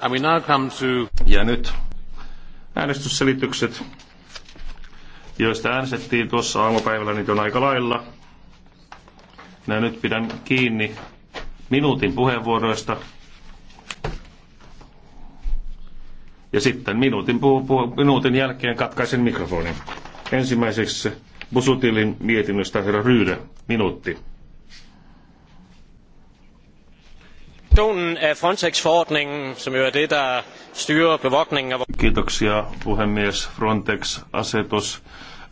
And we now come to... Ja nyt äänestysselitykset, joista äänestettiin tuossa aamupäivällä, niitä on aika lailla. Minä nyt pidän kiinni minuutin puheenvuoroista. Ja sitten minuutin, puhu, puhu, minuutin jälkeen katkaisen mikrofonin. Ensimmäiseksi Busutilin mietinnöstä herra Ryyde, minuutti. af eh, Frontex-forordningen, som jo er det, der styrer bevogtningen af... Kiitoksia, puhemies. Frontex-asetus.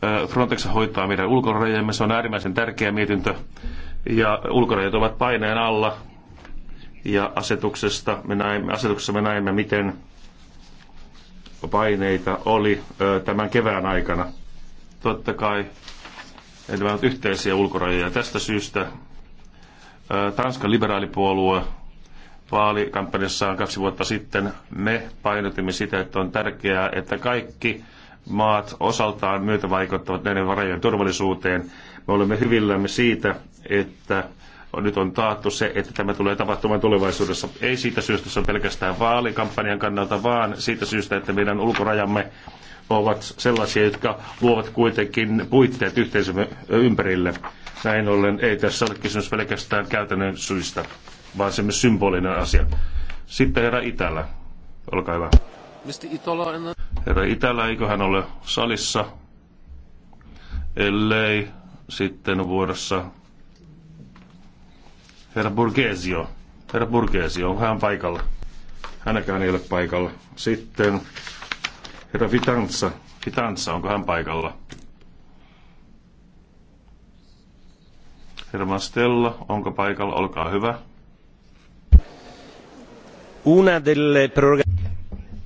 Eh, Frontex hoitaa meidän ulkorajamme. Se on äärimmäisen tärkeä mietintö. Ja ulkorajat ovat paineen alla. Ja asetuksesta me näemme, asetuksessa me näemme, miten paineita oli eh, tämän kevään aikana. Totta kai ne ovat yhteisiä ulkorajoja. Tästä syystä Tanskan liberaalipuolue vaalikampanjassaan kaksi vuotta sitten me painotimme sitä, että on tärkeää, että kaikki maat osaltaan vaikuttavat näiden varajojen turvallisuuteen. Me olemme hyvillämme siitä, että nyt on taattu se, että tämä tulee tapahtumaan tulevaisuudessa. Ei siitä syystä, se on pelkästään vaalikampanjan kannalta, vaan siitä syystä, että meidän ulkorajamme ovat sellaisia, jotka luovat kuitenkin puitteet yhteisömme ympärille. Näin ollen ei tässä ole kysymys pelkästään käytännön syistä vaan se myös symbolinen asia. Sitten herra Itälä, olkaa hyvä. Herra Itälä, hän ole salissa, ellei sitten vuorossa herra Burgesio. Herra Burgesio, onko hän paikalla? Hänäkään ei ole paikalla. Sitten herra Vitansa. Vitansa, onko hän paikalla? Herra Mastella, onko paikalla? Olkaa hyvä. Una delle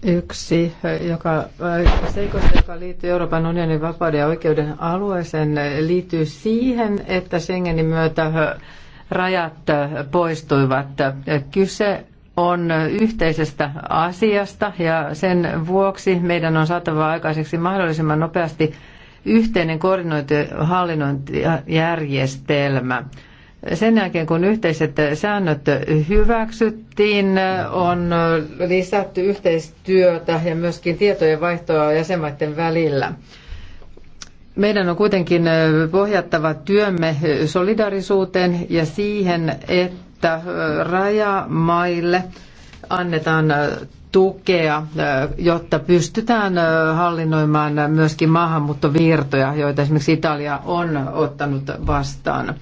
Yksi joka, äh, seikosta, joka liittyy Euroopan unionin vapauden ja oikeuden alueeseen, liittyy siihen, että Schengenin myötä äh, rajat äh, poistuivat. Kyse on yhteisestä asiasta ja sen vuoksi meidän on saatava aikaiseksi mahdollisimman nopeasti yhteinen koordinointi- ja hallinnointijärjestelmä. Sen jälkeen kun yhteiset säännöt hyväksyttiin, on lisätty yhteistyötä ja myöskin tietojen vaihtoa jäsenmaiden välillä. Meidän on kuitenkin pohjattava työmme solidarisuuteen ja siihen, että rajamaille annetaan tukea, jotta pystytään hallinnoimaan myöskin maahanmuuttovirtoja, joita esimerkiksi Italia on ottanut vastaan.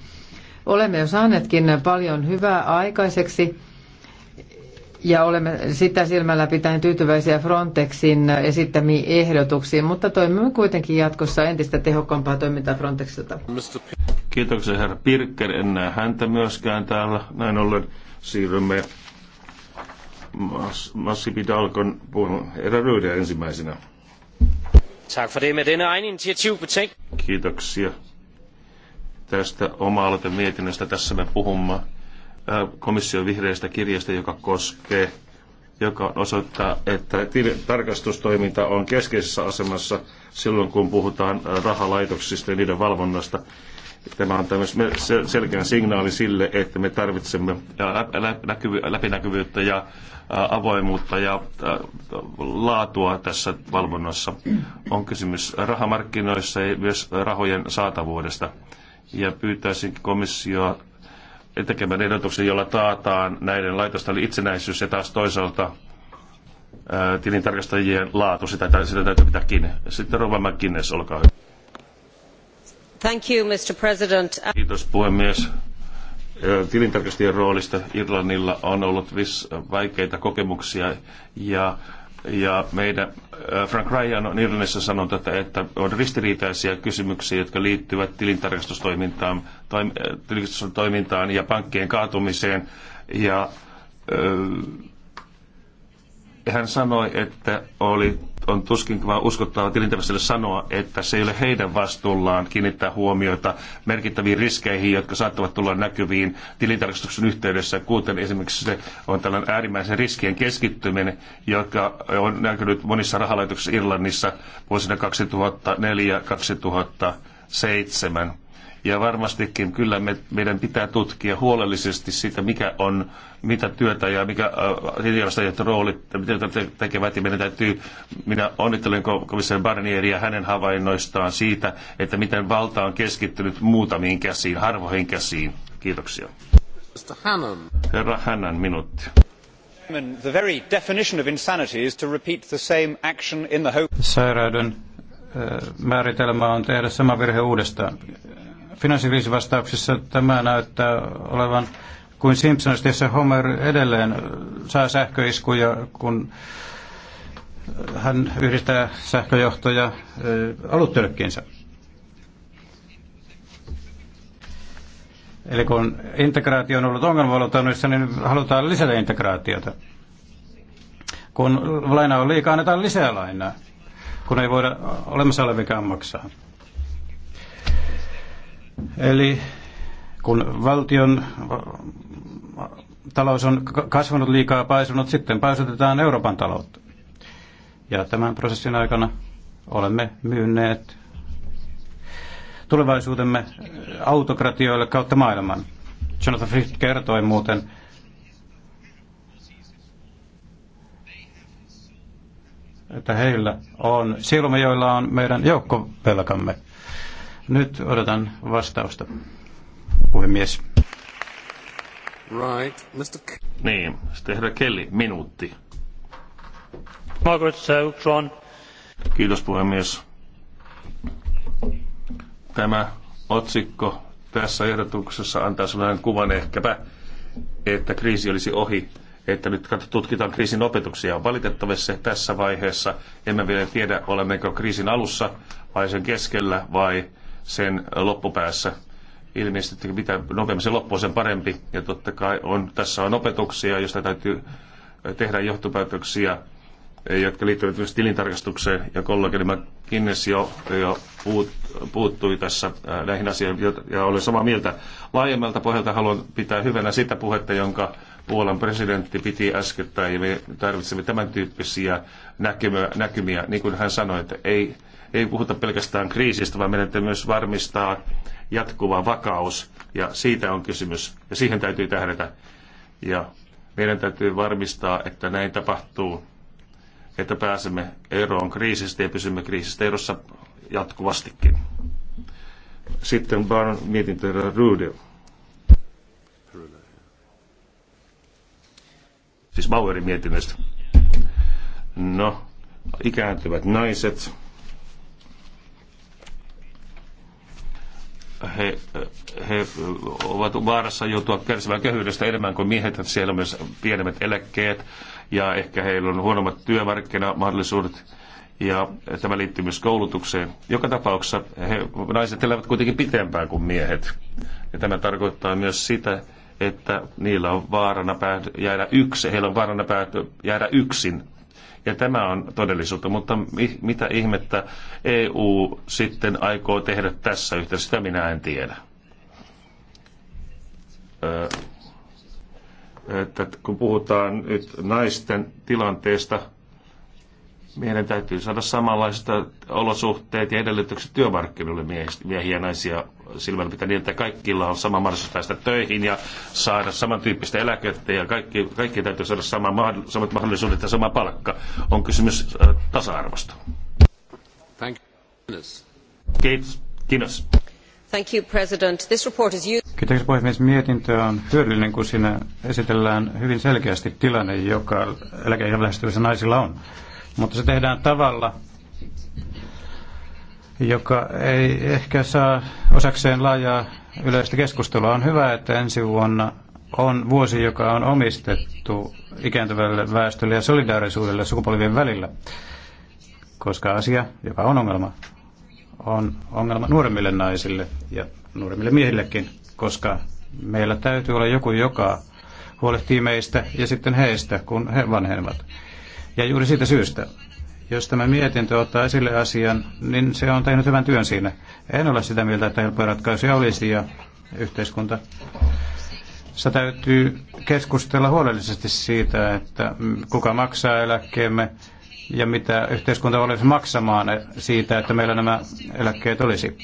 Olemme jo saaneetkin paljon hyvää aikaiseksi ja olemme sitä silmällä pitäen tyytyväisiä Frontexin esittämiin ehdotuksiin, mutta toimimme kuitenkin jatkossa entistä tehokkaampaa toimintaa Frontexilta. Kiitoksia herra Pirker, en näe häntä myöskään täällä. Näin ollen siirrymme Massi Massipidalkon puhun herra Ryyden ensimmäisenä. Tack för det. Med denna egen initiativ Kiitoksia tästä oma mietinnöstä Tässä me puhumme äh, komission vihreästä kirjasta, joka koskee, joka osoittaa, että tarkastustoiminta on keskeisessä asemassa silloin, kun puhutaan äh, rahalaitoksista ja niiden valvonnasta. Tämä on selkeä selkeän signaali sille, että me tarvitsemme äh, läpinäkyvyyttä ja avoimuutta ja laatua tässä valvonnassa. On kysymys rahamarkkinoissa ja myös rahojen saatavuudesta ja pyytäisin komissioa tekemään ehdotuksen, jolla taataan näiden laitosten itsenäisyys ja taas toisaalta ää, tilintarkastajien laatu. Sitä, sitä täytyy pitää kiinni. Sitten Rova McGuinness, olkaa hyvä. Thank you, Mr. President. Kiitos puhemies. Tilintarkastajien roolista Irlannilla on ollut vaikeita kokemuksia ja ja meidän äh, Frank Ryan on Irlannissa sanonut, että, että on ristiriitaisia kysymyksiä, jotka liittyvät tilintarkastustoimintaan, toim, äh, tilintarkastustoimintaan ja pankkien kaatumiseen. Ja äh, hän sanoi, että oli, on tuskin vaan uskottava tilintarkastajille sanoa, että se ei ole heidän vastuullaan kiinnittää huomiota merkittäviin riskeihin, jotka saattavat tulla näkyviin tilintarkastuksen yhteydessä, kuten esimerkiksi se on tällainen äärimmäisen riskien keskittyminen, joka on näkynyt monissa rahalaitoksissa Irlannissa vuosina 2004-2007 ja varmastikin kyllä me, meidän pitää tutkia huolellisesti sitä, mikä on, mitä työtä ja mikä äh, rooli, mitä te tekevät. Ja meidän täytyy, minä onnittelen komissaari Barnieria hänen havainnoistaan siitä, että miten valta on keskittynyt muutamiin käsiin, harvoihin käsiin. Kiitoksia. Herra Hannan, minuutti the very definition of insanity is to repeat the same action in the hope. Sairauden äh, määritelmä on tehdä sama virhe uudestaan finanssikriisivastauksessa tämä näyttää olevan kuin Simpsonista, jossa Homer edelleen saa sähköiskuja, kun hän yhdistää sähköjohtoja aluttölkkiinsä. Eli kun integraatio on ollut ongelmavaluutta, niin halutaan lisätä integraatiota. Kun laina on liikaa, annetaan lisää lainaa, kun ei voida olemassa olevia maksaa. Eli kun valtion talous on kasvanut liikaa paisunut, sitten paisutetaan Euroopan taloutta. Ja tämän prosessin aikana olemme myyneet tulevaisuutemme autokratioille kautta maailman. Jonathan Swift kertoi muuten, että heillä on silmä, joilla on meidän joukkovelkamme. Nyt odotan vastausta, puhemies. Right, Mr. K- niin, sitten herra Kelly, minuutti. Margaret Sautron. Kiitos puhemies. Tämä otsikko tässä ehdotuksessa antaa sellainen kuvan ehkäpä, että kriisi olisi ohi, että nyt tutkitaan kriisin opetuksia. Valitettavasti tässä vaiheessa emme vielä tiedä, olemmeko kriisin alussa vai sen keskellä vai sen loppupäässä. Ilmeisesti mitä nopeammin se loppuu, sen parempi. Ja totta kai on, tässä on opetuksia, joista täytyy äh, tehdä johtopäätöksiä, äh, jotka liittyvät myös tilintarkastukseen. Ja kollegani Kinnes jo, jo puut, puuttui tässä äh, näihin asioihin ja olen samaa mieltä. Laajemmalta pohjalta haluan pitää hyvänä sitä puhetta, jonka Puolan presidentti piti äskettäin ja me tarvitsemme tämän tyyppisiä näkymiä, näkymiä niin kuin hän sanoi, että ei ei puhuta pelkästään kriisistä, vaan meidän täytyy myös varmistaa jatkuva vakaus. Ja siitä on kysymys. Ja siihen täytyy tähdätä. Ja meidän täytyy varmistaa, että näin tapahtuu, että pääsemme eroon kriisistä ja pysymme kriisistä erossa jatkuvastikin. Sitten vaan mietintö Rudel. Siis Bauerin mietinnöstä. No, ikääntyvät naiset. he, he ovat vaarassa joutua kärsivään köyhyydestä enemmän kuin miehet. Siellä on myös pienemmät eläkkeet ja ehkä heillä on huonommat työmarkkinamahdollisuudet ja tämä liittyy myös koulutukseen. Joka tapauksessa he, naiset elävät kuitenkin pitempään kuin miehet. Ja tämä tarkoittaa myös sitä, että niillä on vaarana jäädä yksin, heillä on vaarana jäädä yksin ja tämä on todellisuutta, mutta mitä ihmettä EU sitten aikoo tehdä tässä yhteydessä, sitä minä en tiedä. Ö, että kun puhutaan nyt naisten tilanteesta, meidän täytyy saada samanlaiset olosuhteet ja edellytykset työmarkkinoille miehiä ja naisia silmällä pitää niin, että kaikilla on sama mahdollisuus päästä töihin ja saada samantyyppistä eläkettä ja kaikki, kaikki täytyy saada sama, samat mahdollisuudet ja sama palkka. On kysymys äh, tasa-arvosta. Thank you. Kiitos. Kiitos. Thank you, President. This report is used... Kiitos puhemies. Mietintö on hyödyllinen, kun siinä esitellään hyvin selkeästi tilanne, joka lähestyvissä naisilla on mutta se tehdään tavalla, joka ei ehkä saa osakseen laajaa yleistä keskustelua. On hyvä, että ensi vuonna on vuosi, joka on omistettu ikääntyvälle väestölle ja solidaarisuudelle sukupolvien välillä, koska asia, joka on ongelma, on ongelma nuoremmille naisille ja nuoremmille miehillekin, koska meillä täytyy olla joku, joka huolehtii meistä ja sitten heistä, kun he vanhenevat. Ja juuri siitä syystä, jos tämä mietintö ottaa esille asian, niin se on tehnyt hyvän työn siinä. En ole sitä mieltä, että helppoja ratkaisuja olisi ja yhteiskunta. Se täytyy keskustella huolellisesti siitä, että kuka maksaa eläkkeemme ja mitä yhteiskunta olisi maksamaan siitä, että meillä nämä eläkkeet olisi.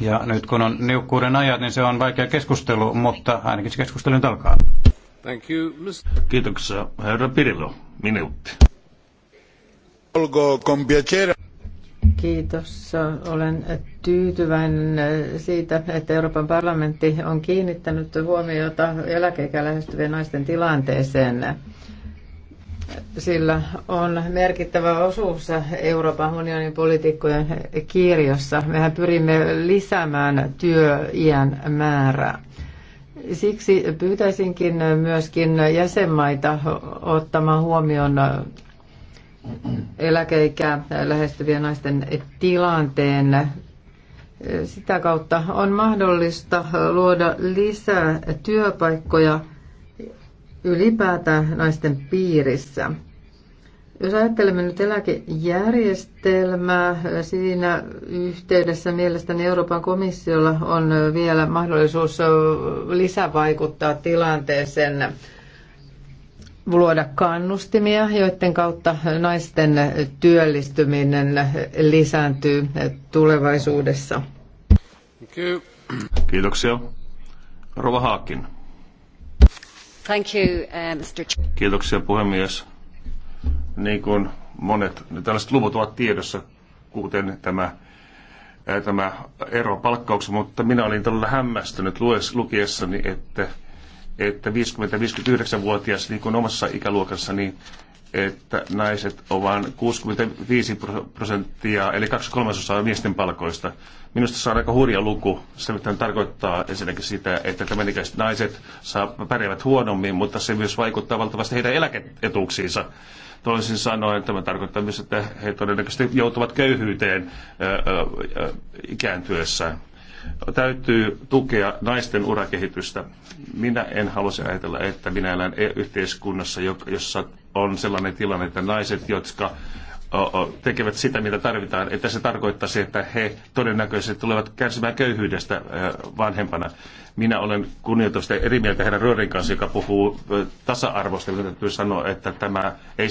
Ja nyt kun on niukkuuden ajat, niin se on vaikea keskustelu, mutta ainakin se keskustelu nyt alkaa. Thank you, Mr. Kiitoksia. Herra minuutti. Olkoon piacere. Kiitos. Olen tyytyväinen siitä, että Euroopan parlamentti on kiinnittänyt huomiota eläkeikään lähestyvien naisten tilanteeseen. Sillä on merkittävä osuus Euroopan unionin poliitikkojen kirjossa. Mehän pyrimme lisäämään työiän määrää. Siksi pyytäisinkin myöskin jäsenmaita ottamaan huomioon eläkeikää lähestyvien naisten tilanteen. Sitä kautta on mahdollista luoda lisää työpaikkoja ylipäätään naisten piirissä. Jos ajattelemme nyt eläkejärjestelmää, siinä yhteydessä mielestäni Euroopan komissiolla on vielä mahdollisuus lisävaikuttaa tilanteeseen luoda kannustimia, joiden kautta naisten työllistyminen lisääntyy tulevaisuudessa. Kiitoksia. Rova Haakin. Thank you, uh, Mr. Kiitoksia puhemies niin kuin monet tällaiset luvut ovat tiedossa, kuten tämä, tämä ero palkkauksen, mutta minä olin todella hämmästynyt lukiessani, että, että 50-59-vuotias niin kuin omassa ikäluokassa, niin että naiset ovat 65 prosenttia, eli kaksi kolmasosaa miesten palkoista. Minusta se on aika hurja luku. Se tarkoittaa ensinnäkin sitä, että tämänikäiset naiset saa, pärjäävät huonommin, mutta se myös vaikuttaa valtavasti heidän eläkeetuuksiinsa. Toisin sanoen tämä tarkoittaa myös, että he todennäköisesti joutuvat köyhyyteen ikääntyessään. Täytyy tukea naisten urakehitystä. Minä en halusi ajatella, että minä elän e-, yhteiskunnassa, jossa on sellainen tilanne, että naiset, jotka tekevät sitä, mitä tarvitaan, että se tarkoittaisi, että he todennäköisesti tulevat kärsimään köyhyydestä vanhempana. Minä olen kunnioitusta eri mieltä herra Röörin kanssa, joka puhuu tasa-arvosta, mutta täytyy sanoa, että tämä ei,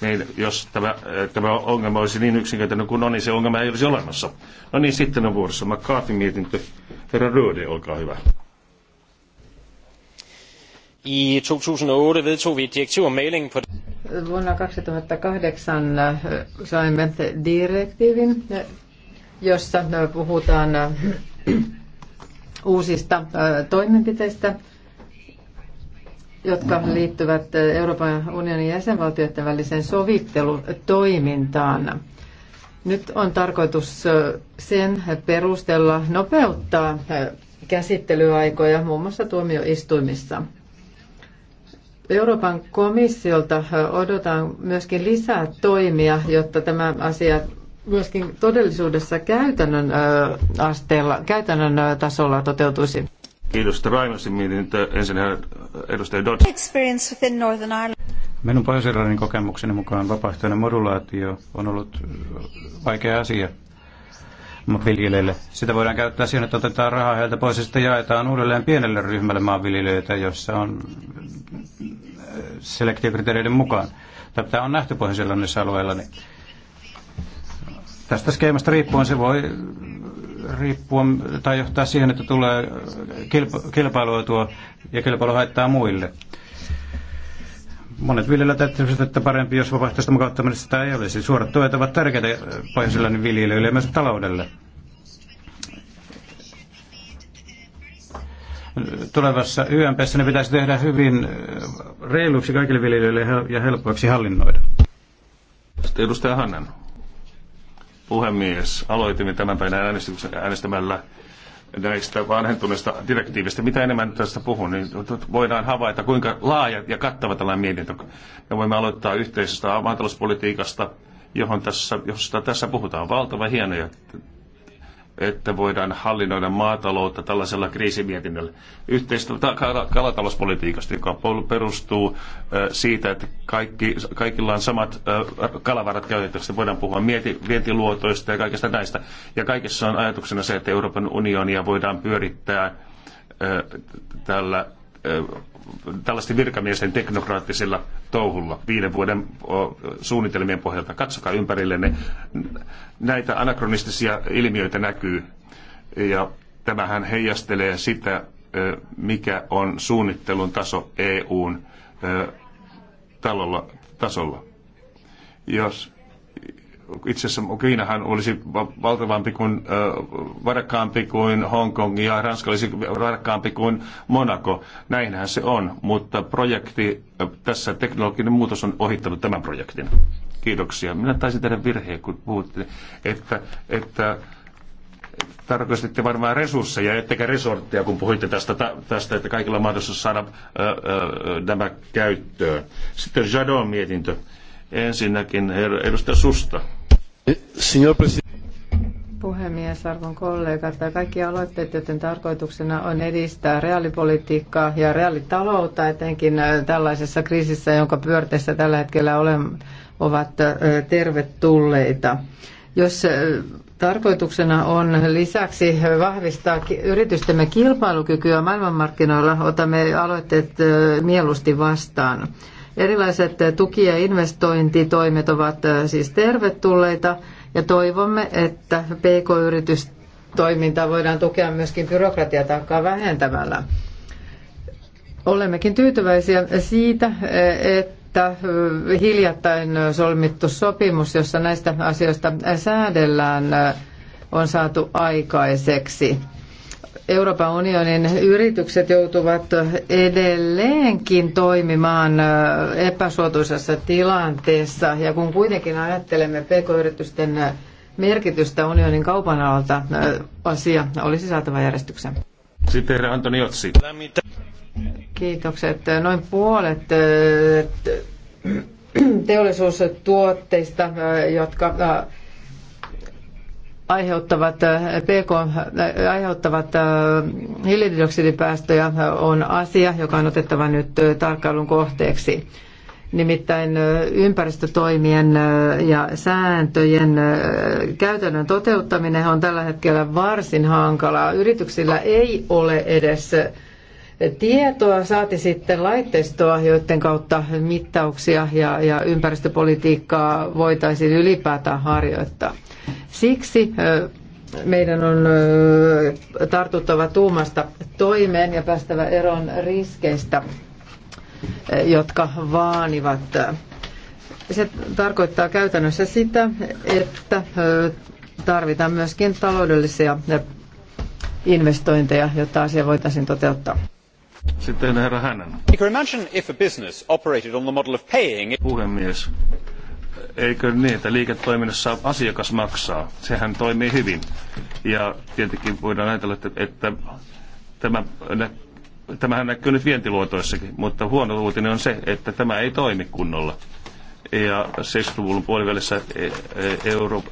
niin jos tämä, tämä ongelma olisi niin yksinkertainen kuin on, niin se ongelma ei olisi olemassa. No niin, sitten on vuorossa McCarthy mietintö. Herra Röörin, olkaa hyvä. I 2008 vedtog vi et direktiv om maling på Vuonna 2008 äh, saimme direktiivin, äh, jossa äh, puhutaan uusista toimenpiteistä, jotka liittyvät Euroopan unionin jäsenvaltioiden väliseen sovittelutoimintaan. Nyt on tarkoitus sen perusteella nopeuttaa käsittelyaikoja muun muassa tuomioistuimissa. Euroopan komissiolta odotan myöskin lisää toimia, jotta tämä asia myöskin todellisuudessa käytännön asteella, käytännön tasolla toteutuisi. Kiitos. Raimasi mietintö ensin edustaja Dodd. Experience within Northern Ireland. Minun pohjois kokemukseni mukaan vapaaehtoinen modulaatio on ollut vaikea asia maanviljelijöille. Sitä voidaan käyttää siihen, että otetaan rahaa heiltä pois ja sitten jaetaan uudelleen pienelle ryhmälle maanviljelijöitä, jossa on äh, selektiokriteereiden mukaan. Tämä on nähty pohjois alueella. Niin tästä skeemasta riippuen se voi riippua tai johtaa siihen, että tulee kilpailuetua ja kilpailu haittaa muille. Monet viljelijät ajattelevat, että parempi, jos vapaaehtoista mukauttamista sitä ei olisi. Suorat tuet ovat tärkeitä pohjoisilla viljelijöille ja myös taloudelle. tulevassa YMPssä ne pitäisi tehdä hyvin reiluksi kaikille viljelijöille ja helpoiksi hallinnoida. Sitten edustaja Hannan. Puhemies, aloitimme tämän päivän äänestämällä näistä vanhentuneista direktiivistä. Mitä enemmän tästä puhun, niin voidaan havaita, kuinka laaja ja kattava tällainen mietintö. Me voimme aloittaa yhteisestä maatalouspolitiikasta, johon tässä, josta tässä puhutaan. Valtava hienoja että voidaan hallinnoida maataloutta tällaisella kriisimietinnällä. Yhteistä kalatalouspolitiikasta, joka perustuu siitä, että kaikki, kaikilla on samat kalavarat käytettävissä. Voidaan puhua mieti, vientiluotoista ja kaikesta näistä. Ja kaikessa on ajatuksena se, että Euroopan unionia voidaan pyörittää tällä tällaisten virkamiesten teknokraattisella touhulla viiden vuoden suunnitelmien pohjalta. Katsokaa ympärillenne. Näitä anakronistisia ilmiöitä näkyy. Ja tämähän heijastelee sitä, mikä on suunnittelun taso EUn talolla, tasolla. Jos itse asiassa Kiinahan olisi valtavampi kuin, varakkaampi kuin Hongkong ja Ranska olisi varakkaampi kuin Monaco. Näinhän se on, mutta projekti, tässä teknologinen muutos on ohittanut tämän projektin. Kiitoksia. Minä taisin tehdä virheen, kun puhutte, että, että tarkoititte varmaan resursseja, ettekä resortteja, kun puhuitte tästä, tästä että kaikilla on mahdollisuus saada ö, ö, nämä käyttöön. Sitten Jadon mietintö. Ensinnäkin edustaja Susta. Eh, Puhemies, arvon kollegat, kaikki aloitteet, joiden tarkoituksena on edistää reaalipolitiikkaa ja reaalitaloutta, etenkin äh, tällaisessa kriisissä, jonka pyörteissä tällä hetkellä olemme, ovat äh, tervetulleita. Jos äh, tarkoituksena on lisäksi vahvistaa yritystemme kilpailukykyä maailmanmarkkinoilla, otamme aloitteet mieluusti vastaan. Erilaiset tuki- ja investointitoimet ovat äh, siis tervetulleita ja toivomme, että PK-yritystoimintaa voidaan tukea myöskin byrokratiataakkaa vähentämällä. Olemmekin tyytyväisiä siitä, äh, että äh, hiljattain solmittu sopimus, jossa näistä asioista säädellään, on saatu aikaiseksi. Euroopan unionin yritykset joutuvat edelleenkin toimimaan epäsuotuisassa tilanteessa. Ja kun kuitenkin ajattelemme pk-yritysten merkitystä unionin kaupan alalta, asia olisi saatava järjestykseen. Sitten Antoni Otsi. Kiitokset. Noin puolet teollisuustuotteista, jotka aiheuttavat, äh, PK, äh, aiheuttavat äh, hiilidioksidipäästöjä on asia, joka on otettava nyt tarkkailun kohteeksi. Nimittäin ympäristötoimien ja sääntöjen käytännön toteuttaminen on tällä hetkellä varsin hankalaa. Yrityksillä ei ole edes tietoa, saati sitten laitteistoa, joiden kautta mittauksia ja, ja ympäristöpolitiikkaa voitaisiin ylipäätään harjoittaa. Siksi meidän on tartuttava tuumasta toimeen ja päästävä eron riskeistä, jotka vaanivat. Se tarkoittaa käytännössä sitä, että tarvitaan myöskin taloudellisia investointeja, jotta asia voitaisiin toteuttaa. Sitten herra Hänen. Puhemies, eikö niin, että liiketoiminnassa asiakas maksaa? Sehän toimii hyvin. Ja tietenkin voidaan ajatella, että, että tämä, tämähän näkyy nyt vientiluotoissakin, mutta huono uutinen on se, että tämä ei toimi kunnolla. Ja 70-luvun puolivälissä e-, e-, EU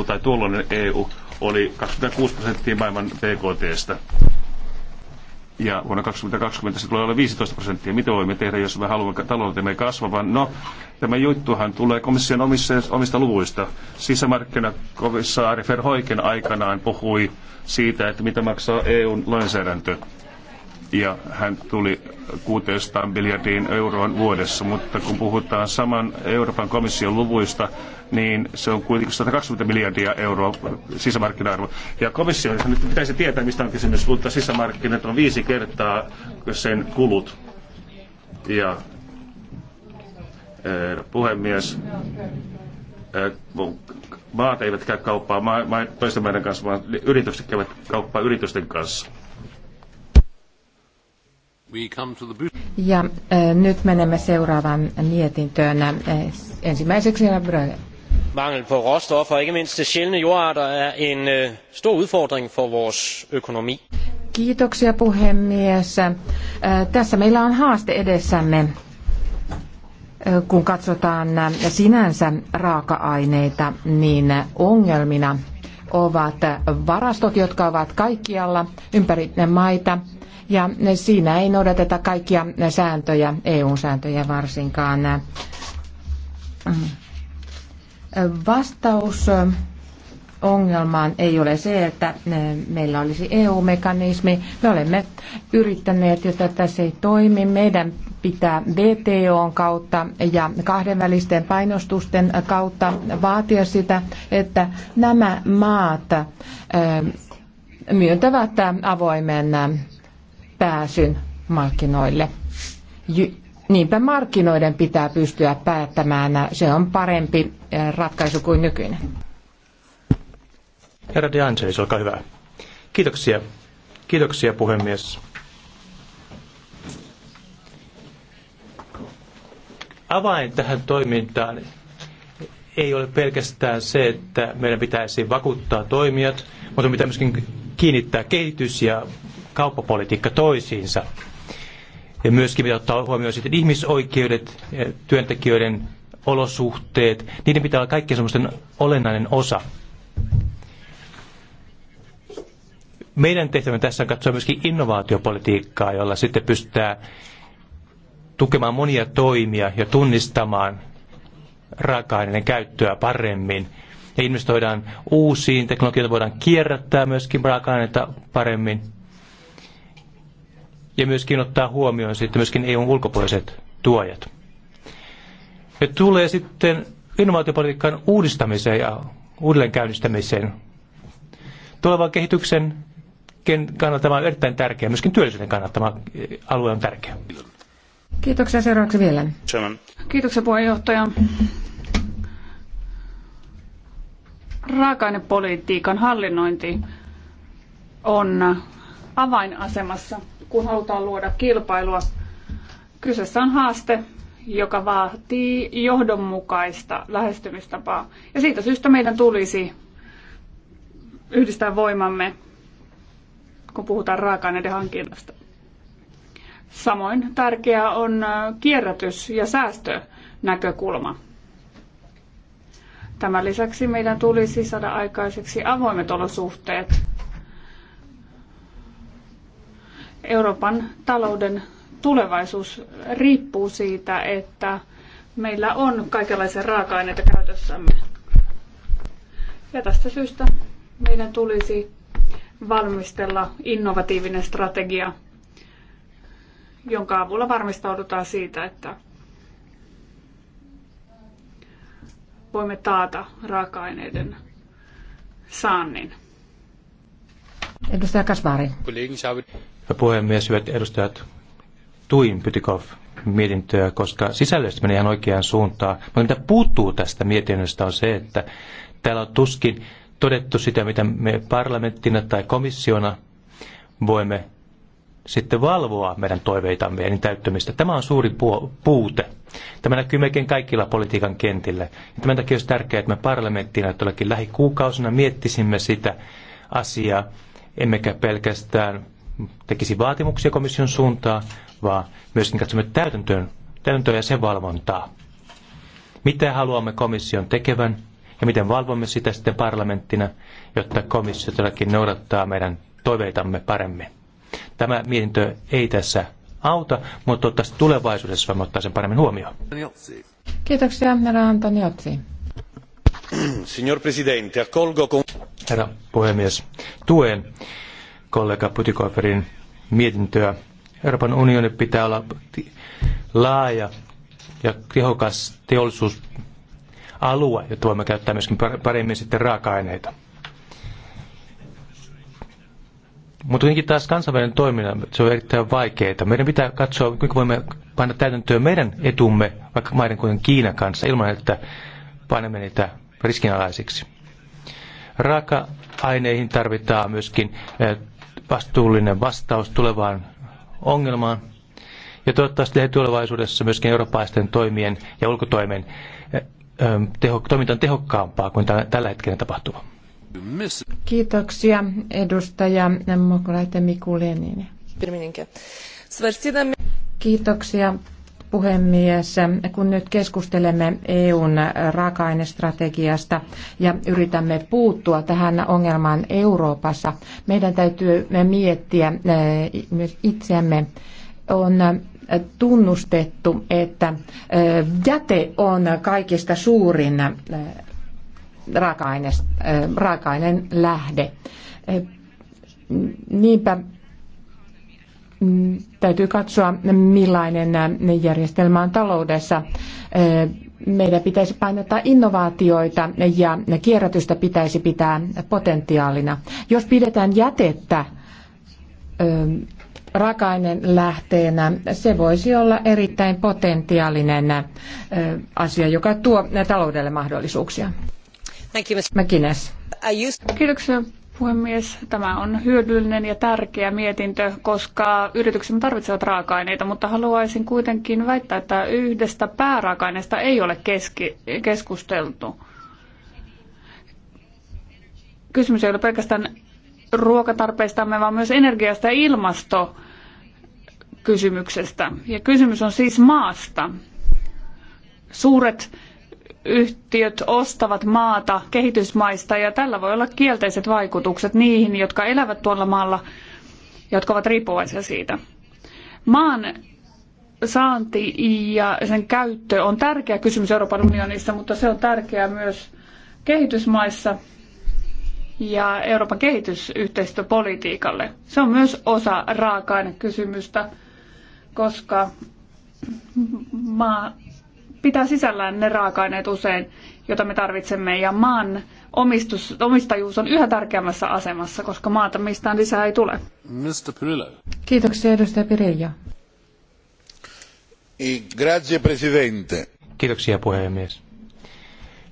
e-, tai tuolloinen EU oli 26 prosenttia maailman BKTstä ja vuonna 2020 se tulee olla 15 prosenttia. Mitä voimme tehdä, jos me haluamme taloutemme kasvavan? No, tämä juttuhan tulee komission omissa, omista luvuista. Sisämarkkinakomissaari Verhoiken aikanaan puhui siitä, että mitä maksaa EUn lainsäädäntö ja hän tuli 600 miljardiin euroon vuodessa, mutta kun puhutaan saman Euroopan komission luvuista, niin se on kuitenkin 120 miljardia euroa sisämarkkina-arvo. Ja komissio, nyt pitäisi tietää, mistä on kysymys, mutta sisämarkkinat on viisi kertaa sen kulut. Ja eh, puhemies, eh, maat eivät käy kauppaa toisten maiden kanssa, vaan yritykset käyvät kauppaa yritysten kanssa. Ja äh, nyt menemme seuraavaan mietintöön. Äh, ensimmäiseksi herra Mangel på råstoffer, ikke mindst de sjældne jordarter, er en äh, stor udfordring for vores økonomi. Kiitoksia puhemies. Äh, tässä meillä on haaste edessämme, äh, kun katsotaan äh, sinänsä raaka-aineita, niin äh, ongelmina ovat varastot, jotka ovat kaikkialla ympäri maita ja siinä ei noudateta kaikkia sääntöjä, EU-sääntöjä varsinkaan. Vastaus ongelmaan ei ole se, että meillä olisi EU-mekanismi. Me olemme yrittäneet, jotta tässä ei toimi. Meidän pitää VTOn kautta ja kahdenvälisten painostusten kautta vaatia sitä, että nämä maat myöntävät avoimen pääsyn markkinoille. Niinpä markkinoiden pitää pystyä päättämään. Se on parempi eh, ratkaisu kuin nykyinen. Herra De Angelis, olkaa hyvä. Kiitoksia. Kiitoksia puhemies. Avain tähän toimintaan ei ole pelkästään se, että meidän pitäisi vakuuttaa toimijat, mutta pitää myöskin kiinnittää kehitys- ja kauppapolitiikka toisiinsa. Ja myöskin pitää ottaa huomioon sitten ihmisoikeudet, eh, työntekijöiden olosuhteet. Niiden pitää olla kaikkien semmoisten olennainen osa. Meidän tehtävämme tässä on katsoa myöskin innovaatiopolitiikkaa, jolla sitten pystytään tukemaan monia toimia ja tunnistamaan raaka-aineiden käyttöä paremmin. Ja investoidaan uusiin teknologioita, voidaan kierrättää myöskin raaka-aineita paremmin ja myöskin ottaa huomioon sitten myöskin EUn ulkopuoliset tuojat. Ja tulee sitten innovaatiopolitiikan uudistamiseen ja uudelleenkäynnistämiseen. Tulevan kehityksen kannalta tämä on erittäin tärkeä, myöskin työllisyyden kannalta tämä alue on tärkeä. Kiitoksia seuraavaksi vielä. Chairman. Kiitoksia puheenjohtaja. Raaka-ainepolitiikan hallinnointi on avainasemassa kun halutaan luoda kilpailua. Kyseessä on haaste, joka vaatii johdonmukaista lähestymistapaa. Ja siitä syystä meidän tulisi yhdistää voimamme, kun puhutaan raaka-aineiden hankinnasta. Samoin tärkeää on kierrätys- ja säästönäkökulma. Tämän lisäksi meidän tulisi saada aikaiseksi avoimet olosuhteet Euroopan talouden tulevaisuus riippuu siitä, että meillä on kaikenlaisia raaka-aineita käytössämme. Ja tästä syystä meidän tulisi valmistella innovatiivinen strategia, jonka avulla varmistaudutaan siitä, että voimme taata raaka-aineiden saannin. Edustaja Kasvari ja puhemies, hyvät edustajat, tuin Pytikov mietintöä, koska sisällöstä menee ihan oikeaan suuntaan. Mutta mitä puuttuu tästä mietinnöstä on se, että täällä on tuskin todettu sitä, mitä me parlamenttina tai komissiona voimme sitten valvoa meidän toiveitamme ja täyttämistä. Tämä on suuri puute. Tämä näkyy melkein kaikilla politiikan kentillä. Ja tämän takia olisi tärkeää, että me parlamenttina todellakin lähikuukausina miettisimme sitä asiaa, emmekä pelkästään tekisi vaatimuksia komission suuntaan, vaan myöskin katsomme täytäntöön, täytäntöön ja sen valvontaa. Mitä haluamme komission tekevän ja miten valvomme sitä sitten parlamenttina, jotta komissio todellakin noudattaa meidän toiveitamme paremmin. Tämä mietintö ei tässä auta, mutta toivottavasti tulevaisuudessa voimme ottaa sen paremmin huomioon. Kiitoksia, herra Antoniotsi. Signor Presidente, accolgo con... Herra puhemies, tuen kollega Putikoferin mietintöä. Euroopan unioni pitää olla laaja ja tehokas teollisuusalue, jotta voimme käyttää myöskin paremmin sitten raaka-aineita. Mutta kuitenkin taas kansainvälinen toiminta, se on erittäin vaikeaa. Meidän pitää katsoa, kuinka voimme panna täytäntöön meidän etumme, vaikka maiden kuin Kiinan kanssa, ilman että panemme niitä riskinalaisiksi. Raaka-aineihin tarvitaan myöskin eh, vastuullinen vastaus tulevaan ongelmaan. Ja toivottavasti tulevaisuudessa myöskin eurooppalaisten toimien ja ulkotoimen eh, eh, teho, toiminta on tehokkaampaa kuin tällä hetkellä tapahtuva. Kiitoksia edustaja Mokolaite Mikulieninen. Kiitoksia puhemies. Kun nyt keskustelemme EUn raaka-ainestrategiasta ja yritämme puuttua tähän ongelmaan Euroopassa, meidän täytyy miettiä eh, myös itseämme. On eh, tunnustettu, että eh, jäte on kaikista suurin raaka-aineen lähde. Niinpä Mm, täytyy katsoa, millainen äh, järjestelmä on taloudessa. Äh, meidän pitäisi painottaa innovaatioita ja kierrätystä pitäisi pitää potentiaalina. Jos pidetään jätettä raaka-aineen lähteenä, se voisi olla erittäin potentiaalinen asia, joka tuo taloudelle mahdollisuuksia. Thank you, Mr. Kiitoksia puhemies. Tämä on hyödyllinen ja tärkeä mietintö, koska yrityksemme tarvitsevat raaka-aineita, mutta haluaisin kuitenkin väittää, että yhdestä pääraaka-aineesta ei ole keski- keskusteltu. Kysymys ei ole pelkästään ruokatarpeistamme, vaan myös energiasta ja ilmastokysymyksestä. Ja kysymys on siis maasta. Suuret yhtiöt ostavat maata kehitysmaista ja tällä voi olla kielteiset vaikutukset niihin, jotka elävät tuolla maalla, jotka ovat riippuvaisia siitä. Maan saanti ja sen käyttö on tärkeä kysymys Euroopan unionissa, mutta se on tärkeää myös kehitysmaissa ja Euroopan kehitysyhteistyöpolitiikalle. Se on myös osa raaka-ainekysymystä, koska maa pitää sisällään ne raaka-aineet usein, joita me tarvitsemme, ja maan omistus, omistajuus on yhä tärkeämmässä asemassa, koska maata mistään lisää ei tule. Mr. Pirillo. Kiitoksia, edustaja Pirillo. Grazie, presidente. Kiitoksia, puhemies.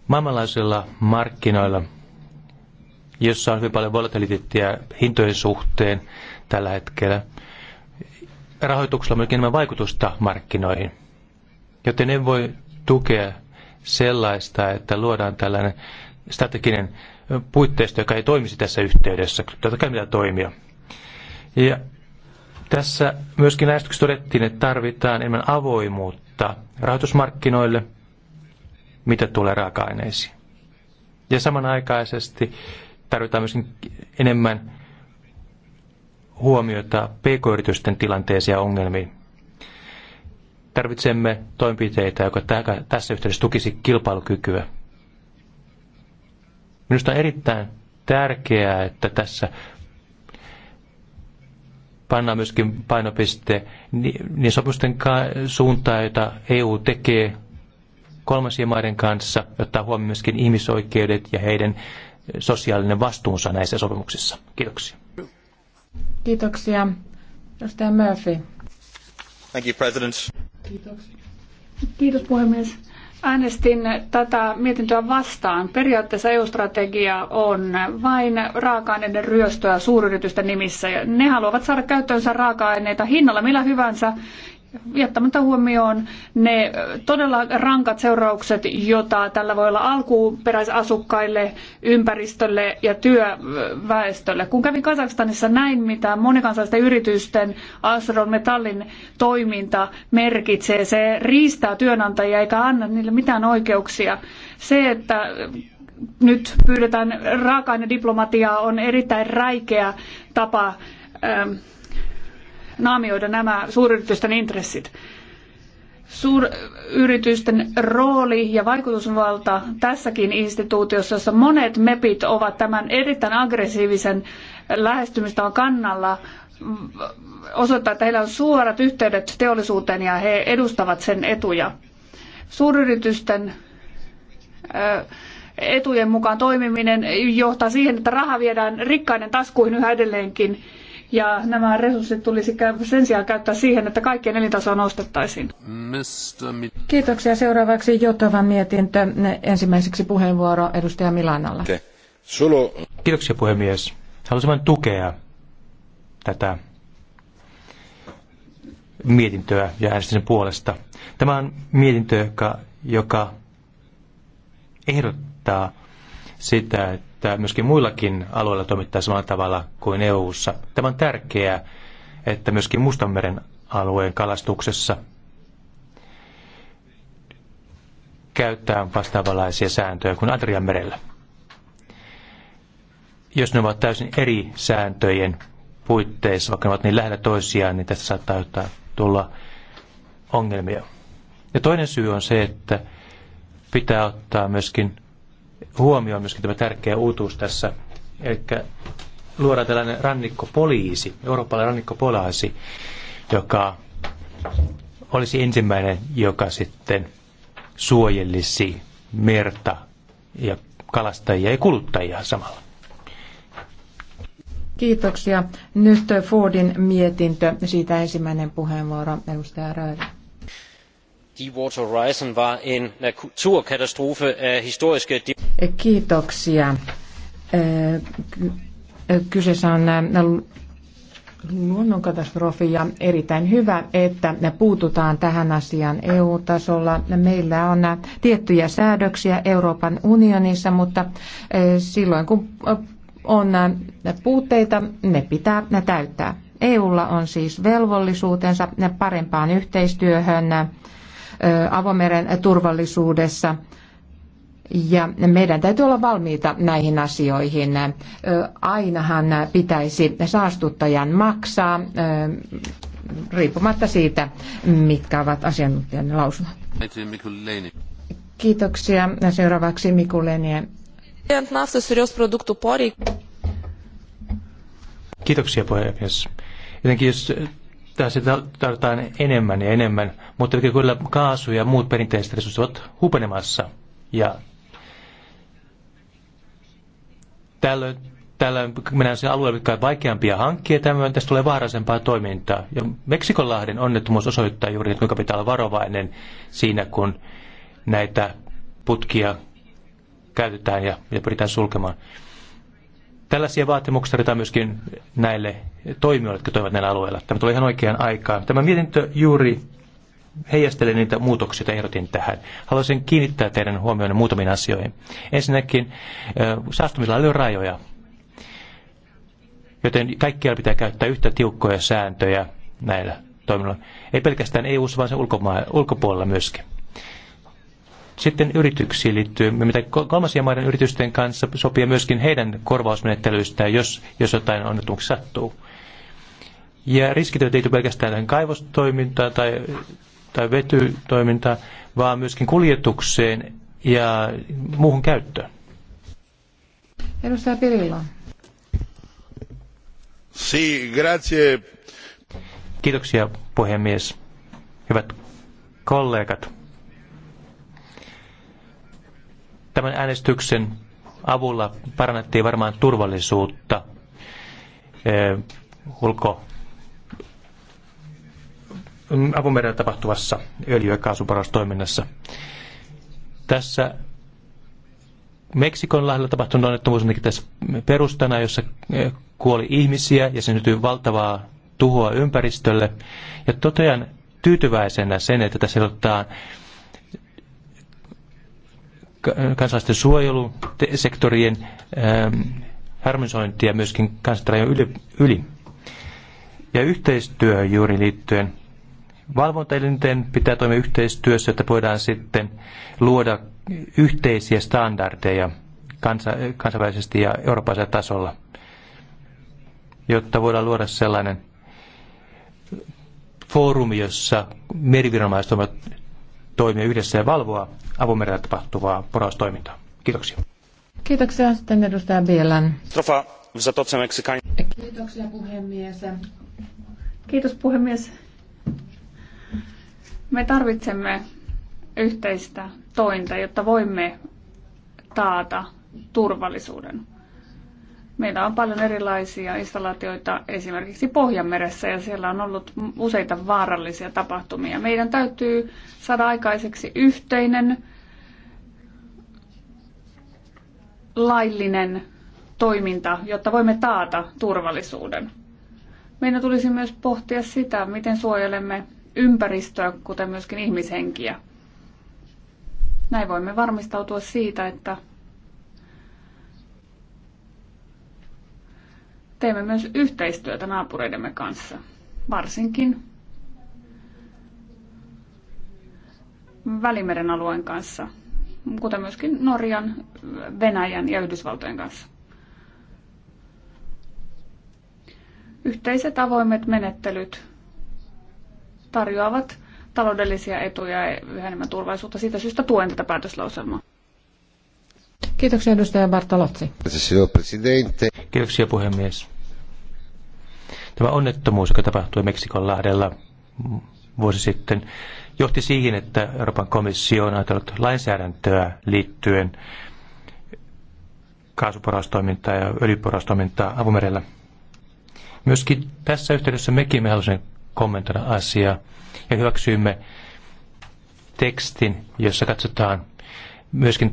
Maailmanlaisilla markkinoilla, jossa on hyvin paljon volatiliteettia hintojen suhteen tällä hetkellä, rahoituksella on myöskin enemmän vaikutusta markkinoihin – Joten en voi tukea sellaista, että luodaan tällainen strateginen puitteisto, joka ei toimisi tässä yhteydessä. Totta kai mitä toimia. Ja tässä myöskin näistä todettiin, että tarvitaan enemmän avoimuutta rahoitusmarkkinoille, mitä tulee raaka-aineisiin. Ja samanaikaisesti tarvitaan myöskin enemmän huomiota pk-yritysten tilanteeseen ja ongelmiin. Tarvitsemme toimenpiteitä, joka tässä yhteydessä tukisi kilpailukykyä. Minusta on erittäin tärkeää, että tässä pannaan myöskin painopiste niin sopimusten suuntaan, joita EU tekee kolmansien maiden kanssa, ottaa huomioon myöskin ihmisoikeudet ja heidän sosiaalinen vastuunsa näissä sopimuksissa. Kiitoksia. Kiitoksia. Edustaja Murphy. Thank you, President. Kiitos. Kiitos puhemies. Äänestin tätä mietintöä vastaan. Periaatteessa EU-strategia on vain raaka-aineiden ryöstöä suuryritysten nimissä. Ne haluavat saada käyttöönsä raaka-aineita hinnalla millä hyvänsä jättämättä huomioon ne todella rankat seuraukset, joita tällä voi olla alkuperäisasukkaille, ympäristölle ja työväestölle. Kun kävin Kazakstanissa näin, mitä monikansallisten yritysten Astron Metallin toiminta merkitsee, se riistää työnantajia eikä anna niille mitään oikeuksia. Se, että nyt pyydetään raaka diplomatiaa on erittäin räikeä tapa ähm, naamioida nämä suuryritysten intressit. Suuryritysten rooli ja vaikutusvalta tässäkin instituutiossa, jossa monet MEPit ovat tämän erittäin aggressiivisen lähestymistavan kannalla, osoittaa, että heillä on suorat yhteydet teollisuuteen ja he edustavat sen etuja. Suuryritysten etujen mukaan toimiminen johtaa siihen, että raha viedään rikkaiden taskuihin yhä edelleenkin ja nämä resurssit tulisi sen sijaan käyttää siihen, että kaikkien elintasoa nostettaisiin. Kiitoksia. Seuraavaksi Jotovan mietintö. Ensimmäiseksi puheenvuoro edustaja Milanalla. Kiitoksia puhemies. Haluaisin vain tukea tätä mietintöä ja äänestin puolesta. Tämä on mietintö, joka, joka ehdottaa sitä, että että myöskin muillakin alueilla toimittaa samalla tavalla kuin EU-ssa. Tämä on tärkeää, että myöskin Mustanmeren alueen kalastuksessa käyttää vastaavanlaisia sääntöjä kuin Adrian merellä. Jos ne ovat täysin eri sääntöjen puitteissa, vaikka ne ovat niin lähellä toisiaan, niin tässä saattaa tulla ongelmia. Ja toinen syy on se, että pitää ottaa myöskin huomioon myöskin tämä tärkeä uutuus tässä. Eli luodaan tällainen rannikkopoliisi, eurooppalainen rannikkopoliisi, joka olisi ensimmäinen, joka sitten suojellisi merta ja kalastajia ja kuluttajia samalla. Kiitoksia. Nyt Fordin mietintö. Siitä ensimmäinen puheenvuoro edustaja Rööri. Deepwater Horizon var en naturkatastrofe øh, af historiske... Kiitoksia. Äh, äh, kyseessä on äh, luonnonkatastrofi ja erittäin hyvä, että puututaan tähän asiaan EU-tasolla. Meillä on tiettyjä säädöksiä Euroopan unionissa, mutta silloin kun on puutteita, ne pitää ne täyttää. EUlla on siis velvollisuutensa parempaan yhteistyöhön avomeren turvallisuudessa. Ja meidän täytyy olla valmiita näihin asioihin. Ainahan pitäisi saastuttajan maksaa riippumatta siitä, mitkä ovat asiantuntijan lausunnot. Kiitoksia. Seuraavaksi Mikulenie. Kiitoksia puhemies. Jotenkin jos tässä tarvitaan enemmän ja enemmän, mutta kyllä kaasu ja muut perinteiset resurssit ovat hupenemassa. Ja tällöin, tällöin mennään se alueelle, mikä on vaikeampia hankkia, tämmöinen tästä tulee vaarallisempaa toimintaa. Ja Meksikonlahden onnettomuus osoittaa juuri, että kuinka pitää olla varovainen siinä, kun näitä putkia käytetään ja, ja pyritään sulkemaan. Tällaisia vaatimuksia tarvitaan myöskin näille toimijoille, jotka toimivat näillä alueilla. Tämä tulee ihan oikeaan aikaan. Tämä mietintö juuri heijastelee niitä muutoksia, joita ehdotin tähän. Haluaisin kiinnittää teidän huomioon muutamiin asioihin. Ensinnäkin saastumisella ei ole rajoja, joten kaikkialla pitää käyttää yhtä tiukkoja sääntöjä näillä toimilla. Ei pelkästään EU, vaan sen ulkopuolella myöskin. Sitten yrityksiin liittyy, mitä kolmansien maiden yritysten kanssa sopia myöskin heidän korvausmenettelyistään, jos, jos jotain onnettomuuksia sattuu. Ja riskit eivät liity pelkästään tähän kaivostoimintaan tai, tai vetytoimintaan, vaan myöskin kuljetukseen ja muuhun käyttöön. Edustaja Pirilla. Si, grazie. Kiitoksia puhemies. Hyvät kollegat. Tämän äänestyksen avulla parannettiin varmaan turvallisuutta ulko avumerellä tapahtuvassa öljy- ja kaasuparastoiminnassa. Tässä Meksikon lahdella tapahtunut onnettomuus on tässä perustana, jossa e, kuoli ihmisiä ja se valtavaa tuhoa ympäristölle. Ja totean tyytyväisenä sen, että tässä otetaan kansalaisten suojelusektorien ähm, harmonisointia myöskin kansantrajan yli, yli. Ja yhteistyö juuri liittyen valvontaelinten pitää toimia yhteistyössä, että voidaan sitten luoda yhteisiä standardeja kansa, kansainvälisesti ja eurooppalaisella tasolla, jotta voidaan luoda sellainen foorumi, jossa meriviranomaiset ovat toimia yhdessä ja valvoa avomerellä tapahtuvaa poraustoimintaa. Kiitoksia. Kiitoksia sitten edustaja Bielan. Trofa Kiitoksia puhemies. Kiitos puhemies. Me tarvitsemme yhteistä tointa, jotta voimme taata turvallisuuden. Meillä on paljon erilaisia installaatioita esimerkiksi Pohjanmeressä ja siellä on ollut useita vaarallisia tapahtumia. Meidän täytyy saada aikaiseksi yhteinen laillinen toiminta, jotta voimme taata turvallisuuden. Meidän tulisi myös pohtia sitä, miten suojelemme ympäristöä, kuten myöskin ihmishenkiä. Näin voimme varmistautua siitä, että teemme myös yhteistyötä naapureidemme kanssa, varsinkin Välimeren alueen kanssa, kuten myöskin Norjan, Venäjän ja Yhdysvaltojen kanssa. Yhteiset avoimet menettelyt tarjoavat taloudellisia etuja ja yhä enemmän turvallisuutta. Siitä syystä tuen tätä päätöslauselmaa. Kiitoksia edustaja Bartolotsi. Kiitoksia puhemies. Tämä onnettomuus, joka tapahtui Meksikon lahdella vuosi sitten, johti siihen, että Euroopan komissio on ajatellut lainsäädäntöä liittyen kaasuporaustoimintaa ja öljyporaustoimintaa avomerellä. Myöskin tässä yhteydessä mekin me halusimme kommentoida asiaa ja hyväksyimme tekstin, jossa katsotaan myöskin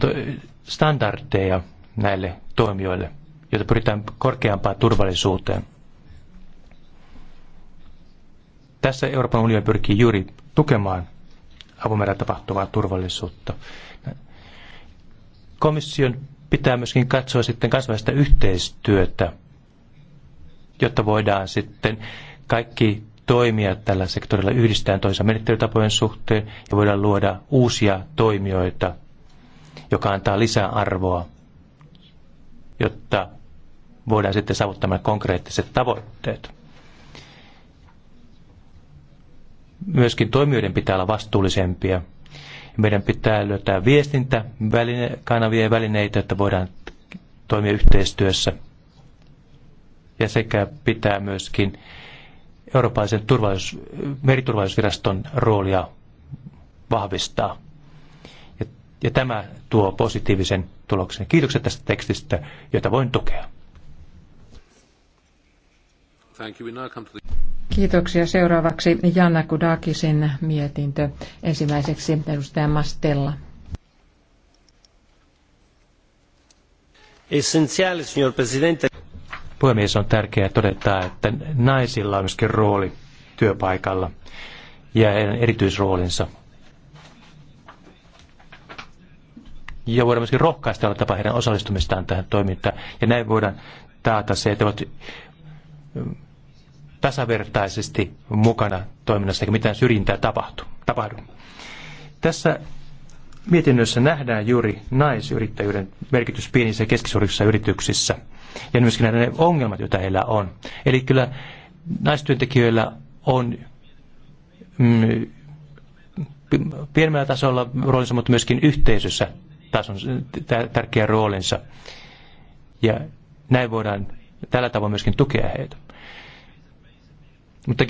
standardeja näille toimijoille, joita pyritään korkeampaan turvallisuuteen. Tässä Euroopan unioni pyrkii juuri tukemaan avomerellä tapahtuvaa turvallisuutta. Komission pitää myöskin katsoa sitten kansainvälistä yhteistyötä, jotta voidaan sitten kaikki toimia tällä sektorilla yhdistään toisen menettelytapojen suhteen ja voidaan luoda uusia toimijoita – joka antaa lisää arvoa, jotta voidaan sitten saavuttaa nämä konkreettiset tavoitteet. Myöskin toimijoiden pitää olla vastuullisempia. Meidän pitää löytää viestintä, väline, kanavia ja välineitä, että voidaan toimia yhteistyössä. Ja sekä pitää myöskin Euroopan turvallisuus, meriturvallisuusviraston roolia vahvistaa. Ja tämä tuo positiivisen tuloksen. Kiitokset tästä tekstistä, jota voin tukea. Kiitoksia. Seuraavaksi Janna Kudakisin mietintö. Ensimmäiseksi edustaja Mastella. Puhemies, on tärkeää todeta, että naisilla on myöskin rooli työpaikalla ja erityisroolinsa ja voidaan myöskin rohkaista olla tapa heidän osallistumistaan tähän toimintaan. Ja näin voidaan taata se, että ovat mm, tasavertaisesti mukana toiminnassa, eikä mitään syrjintää tapahtu, tapahdu. Tässä mietinnössä nähdään juuri naisyrittäjyyden merkitys pienissä ja keskisuurissa yrityksissä ja myöskin näiden ongelmat, joita heillä on. Eli kyllä naistyöntekijöillä on mm, pienemmällä tasolla roolinsa, mutta myöskin yhteisössä taas on tärkeä roolinsa. Ja näin voidaan tällä tavoin myöskin tukea heitä. Mutta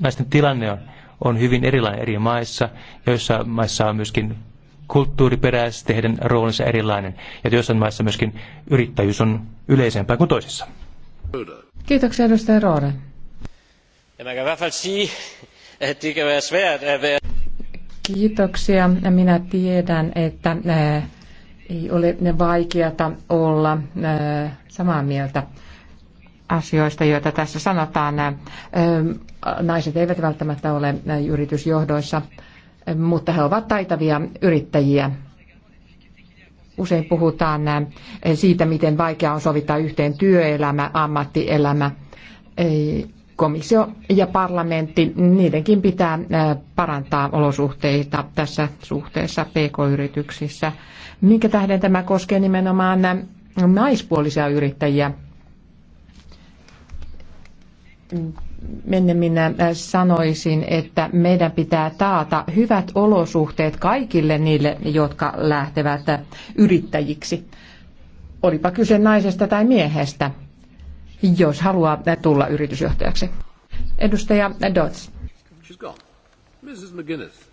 naisten tilanne on, on hyvin erilainen eri maissa, joissa maissa on myöskin kulttuuriperäisesti heidän roolinsa erilainen, ja joissain maissa myöskin yrittäjyys on yleisempää kuin toisissa. Kiitoksia edustaja Roore. että Kiitoksia. Minä tiedän, että ei ole vaikeata olla samaa mieltä asioista, joita tässä sanotaan. Naiset eivät välttämättä ole yritysjohdoissa, mutta he ovat taitavia yrittäjiä. Usein puhutaan siitä, miten vaikea on sovittaa yhteen työelämä, ammattielämä komissio ja parlamentti, niidenkin pitää parantaa olosuhteita tässä suhteessa pk-yrityksissä. Minkä tähden tämä koskee nimenomaan naispuolisia yrittäjiä? Mennemmin sanoisin, että meidän pitää taata hyvät olosuhteet kaikille niille, jotka lähtevät yrittäjiksi. Olipa kyse naisesta tai miehestä jos haluaa tulla yritysjohtajaksi. Edustaja Dodds. Mrs. McGuinness.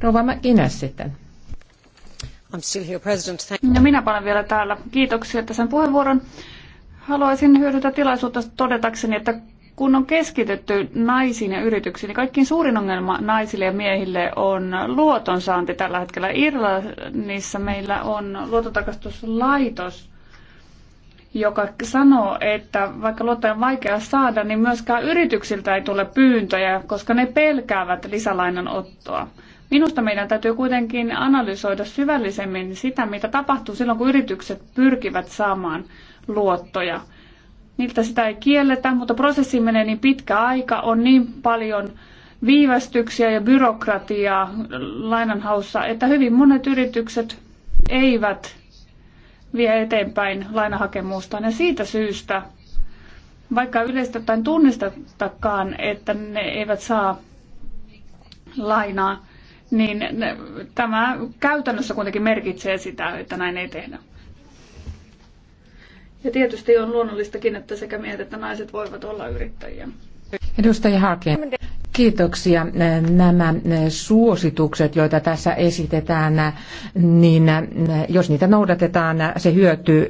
Rova McGuinness sitten. I'm still here, President. Thank you. No, minä olen vielä täällä. Kiitoksia tässä puheenvuoron. Haluaisin hyödyntää tilaisuutta todetakseni, että kun on keskitytty naisiin ja yrityksiin, niin kaikkiin suurin ongelma naisille ja miehille on luotonsaanti tällä hetkellä. Irlannissa meillä on luototakastuslaitos joka sanoo, että vaikka luottoja on vaikea saada, niin myöskään yrityksiltä ei tule pyyntöjä, koska ne pelkäävät lisälainanottoa. Minusta meidän täytyy kuitenkin analysoida syvällisemmin sitä, mitä tapahtuu silloin, kun yritykset pyrkivät saamaan luottoja. Niiltä sitä ei kielletä, mutta prosessi menee niin pitkä aika, on niin paljon viivästyksiä ja byrokratiaa lainanhaussa, että hyvin monet yritykset eivät vie eteenpäin lainahakemustaan. Ja siitä syystä, vaikka yleisesti ottaen tunnistettakaan, että ne eivät saa lainaa, niin tämä käytännössä kuitenkin merkitsee sitä, että näin ei tehdä. Ja tietysti on luonnollistakin, että sekä miehet että naiset voivat olla yrittäjiä. Edustaja Harkin. Kiitoksia. Nämä suositukset, joita tässä esitetään, niin jos niitä noudatetaan, se hyötyy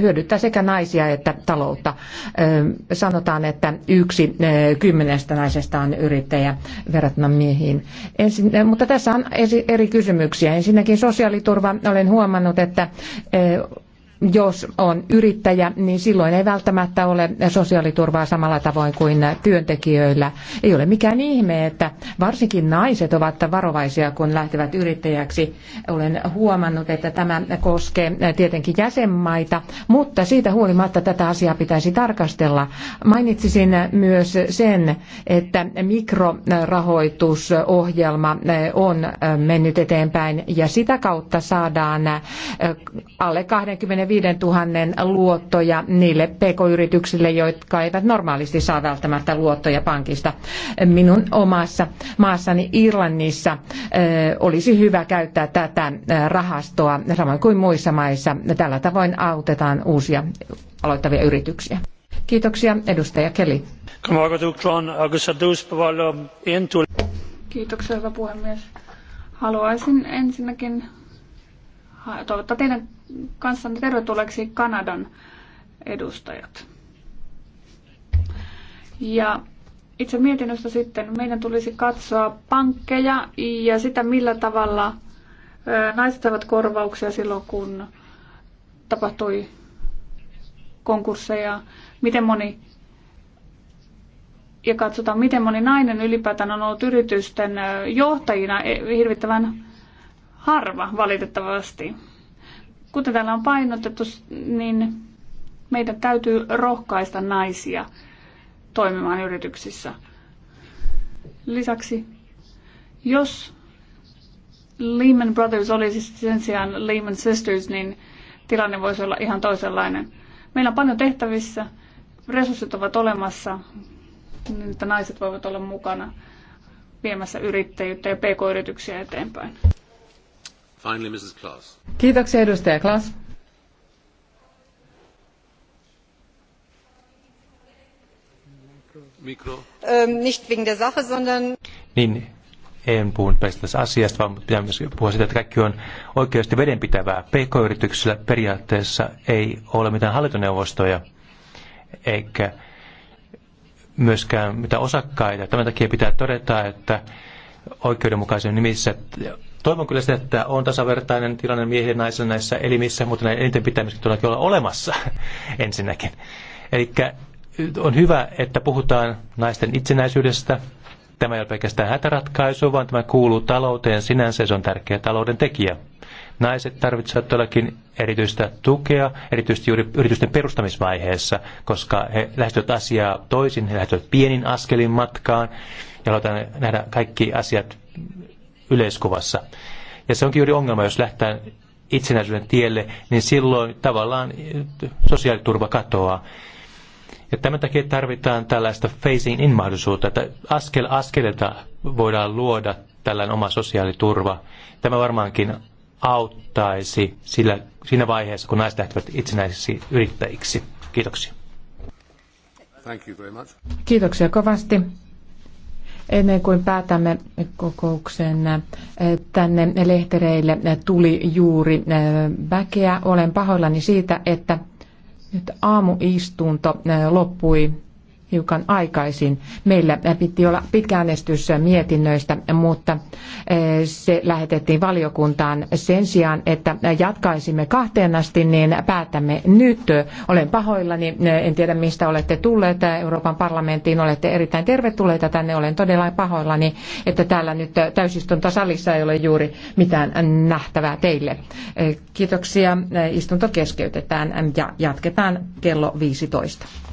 hyödyttää sekä naisia että taloutta. Sanotaan, että yksi kymmenestä naisesta on yrittäjä verrattuna miehiin. Ensin, mutta tässä on eri kysymyksiä. Ensinnäkin sosiaaliturva. Olen huomannut, että jos on yrittäjä, niin silloin ei välttämättä ole sosiaaliturvaa samalla tavoin kuin työntekijöillä. Ei ole mikään ihme, että varsinkin naiset ovat varovaisia, kun lähtevät yrittäjäksi. Olen huomannut, että tämä koskee tietenkin jäsenmaita, mutta siitä huolimatta tätä asiaa pitäisi tarkastella. Mainitsisin myös sen, että mikrorahoitusohjelma on mennyt eteenpäin ja sitä kautta saadaan alle 20 5000 luottoja niille pk-yrityksille, jotka eivät normaalisti saa välttämättä luottoja pankista. Minun omassa maassani Irlannissa eh, olisi hyvä käyttää tätä eh, rahastoa, samoin kuin muissa maissa. Tällä tavoin autetaan uusia aloittavia yrityksiä. Kiitoksia, edustaja Kelly. Kiitoksia, hyvä puhemies. Haluaisin ensinnäkin toivottaa teidän kanssanne tervetulleeksi Kanadan edustajat. Ja itse mietinnöstä sitten meidän tulisi katsoa pankkeja ja sitä, millä tavalla naiset saavat korvauksia silloin, kun tapahtui konkursseja, miten moni ja katsotaan, miten moni nainen ylipäätään on ollut yritysten johtajina e, hirvittävän harva valitettavasti. Kuten täällä on painotettu, niin meitä täytyy rohkaista naisia toimimaan yrityksissä. Lisäksi, jos Lehman Brothers olisi sen sijaan Lehman Sisters, niin tilanne voisi olla ihan toisenlainen. Meillä on paljon tehtävissä, resurssit ovat olemassa, niin että naiset voivat olla mukana viemässä yrittäjyyttä ja pk-yrityksiä eteenpäin. Finally, Mrs. Klaas. Kiitoksia edustaja Klaas. Mikro. Ähm, nicht wegen der Sache, sondern... Niin, en puhu tästä asiasta, vaan pitää myös puhua siitä, että kaikki on oikeasti vedenpitävää. PK-yrityksillä periaatteessa ei ole mitään hallintoneuvostoja eikä myöskään mitään osakkaita. Tämän takia pitää todeta, että oikeudenmukaisen nimissä Toivon kyllä sitä, että on tasavertainen tilanne miehen ja naisen näissä elimissä, mutta näin eniten pitää myöskin todellakin olla olemassa ensinnäkin. Eli on hyvä, että puhutaan naisten itsenäisyydestä. Tämä ei ole pelkästään hätäratkaisu, vaan tämä kuuluu talouteen sinänsä, se on tärkeä talouden tekijä. Naiset tarvitsevat todellakin erityistä tukea, erityisesti juuri yritysten perustamisvaiheessa, koska he lähestyvät asiaa toisin, he lähestyvät pienin askelin matkaan ja aloitetaan nähdä kaikki asiat yleiskuvassa. Ja se onkin juuri ongelma, jos lähtee itsenäisyyden tielle, niin silloin tavallaan sosiaaliturva katoaa. Ja tämän takia tarvitaan tällaista phasing in mahdollisuutta, että askel askeleta voidaan luoda tällainen oma sosiaaliturva. Tämä varmaankin auttaisi sillä, siinä vaiheessa, kun naiset lähtevät itsenäisiksi yrittäjiksi. Kiitoksia. Kiitoksia kovasti. Ennen kuin päätämme kokouksen tänne lehtereille tuli juuri väkeä. Olen pahoillani siitä, että nyt aamuistunto loppui hiukan aikaisin. Meillä piti olla pitkä mietinnöistä, mutta eh, se lähetettiin valiokuntaan sen sijaan, että jatkaisimme kahteen asti, niin päätämme nyt. Olen pahoillani, en tiedä mistä olette tulleet Euroopan parlamenttiin, olette erittäin tervetulleita tänne, olen todella pahoillani, että täällä nyt täysistuntosalissa ei ole juuri mitään nähtävää teille. Eh, kiitoksia, eh, istunto keskeytetään ja jatketaan kello 15.